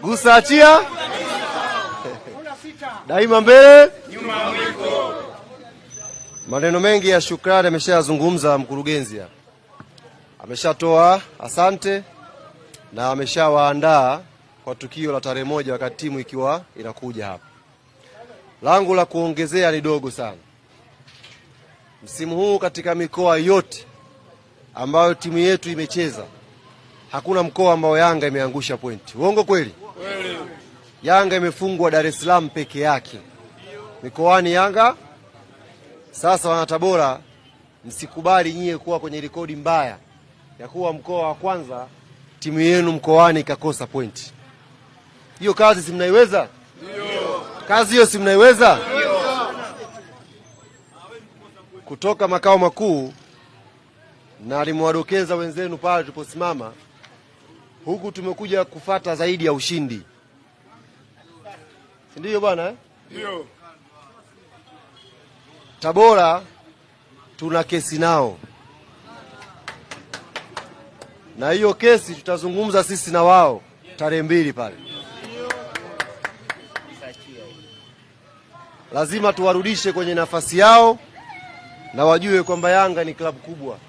gusa achia daima mbele nyuma mwiko. Maneno mengi ya shukrani ameshayazungumza mkurugenzi hapa, ameshatoa asante na ameshawaandaa kwa tukio la tarehe moja, wakati timu ikiwa inakuja hapa. Langu la kuongezea ni dogo sana. Msimu huu katika mikoa yote ambayo timu yetu imecheza hakuna mkoa ambao Yanga imeangusha pointi. Uongo kweli? Yanga imefungwa Dar es Salaam peke yake, mikoani Yanga. Sasa wana Tabora, msikubali nyie kuwa kwenye rekodi mbaya ya kuwa mkoa wa kwanza timu yenu mkoani ikakosa pointi. Hiyo kazi si mnaiweza? Kazi hiyo si mnaiweza? Kutoka makao makuu, na alimwadokeza wenzenu pale tuliposimama huku tumekuja kufata zaidi ya ushindi, si ndiyo bwana? Eh? Ndio. Tabora tuna kesi nao, na hiyo kesi tutazungumza sisi na wao tarehe mbili pale. Lazima tuwarudishe kwenye nafasi yao na wajue kwamba Yanga ni klabu kubwa.